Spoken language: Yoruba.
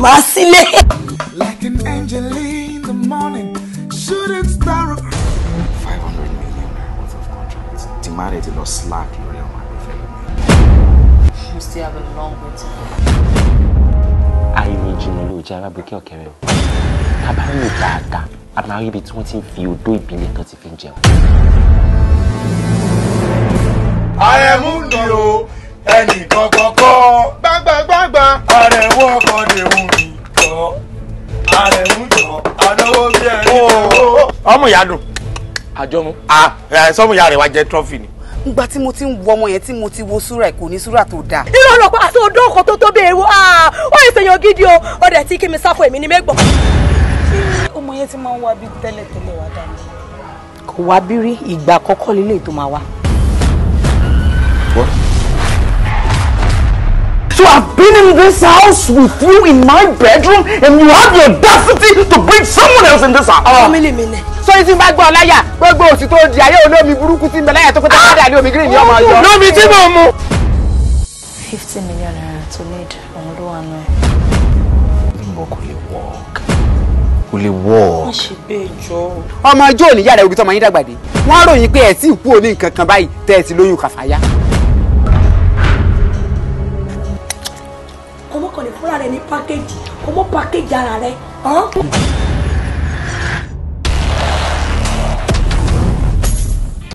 màá sílé. like an angel in the morning shooting star. five hundred million naira worth of contracts tí má lè ti lọ slack lórí ọmọ àgbẹ̀fẹ́ lómi. you still have a long way to go. àìní ìjìnlẹ̀ ló jẹ́ arábìkẹ́ ọ̀kẹ́rẹ́ o tábàárò dáadáa a máa rí ibi tí wọ́n ti ń fi odó ìbílẹ̀ kan ti fi ń jẹun. ààrẹ mú ni o ẹnì kankan ọmọ ìyá dùn. àjọmọ. sọmọ ìyá rẹ wá jẹ trọfì ni. ngbà tí mo ti ń wọ ọmọ yẹn tí mo ti wo súra ẹ kò ní súra tó dáa. irọ́ lọ pa àti odó ọkọ̀ tó tó béèrè wo ó ìṣèyàn gidi o ọ̀dẹ̀ tí kí mi sáfọ èmi ni mẹ́gbọ̀n. ọmọ yẹn ti máa ń wá bí tẹ́lẹ̀tẹ́lẹ̀ wá dání. kò wá bí ìgbà àkọ́kọ́ lílé tó máa wá. wọ́n So have been in this house with you in my bedroom and you have the audacity to bring someone else in this house. Family mi ni. So tí n bá gbọ́ ọláyà gbogbo òsì tó di ayé olómi burúkú tí n bẹ láyà tó pété padà ní omi green ní ọmọ ọjọ́. Lómi tí mò ń mu. Fifty million naira to need òun ló wà nù ẹ. Bímbọ kò lè work. Kò lè work. Má ṣe bẹ́ẹ̀ jọ. Ọmọ ọjọ́ òní yàrá ibi tọmọ yín dàgbà dé. Wọ́n ròyìn pé ẹ̀ tí ì kú òní nǹkan kan báyìí tẹ́ ẹ ti lóyún kàfáyà. ọmọ kan lè fúnra rẹ ní pákéjì ọmọ pákéjì ara rẹ.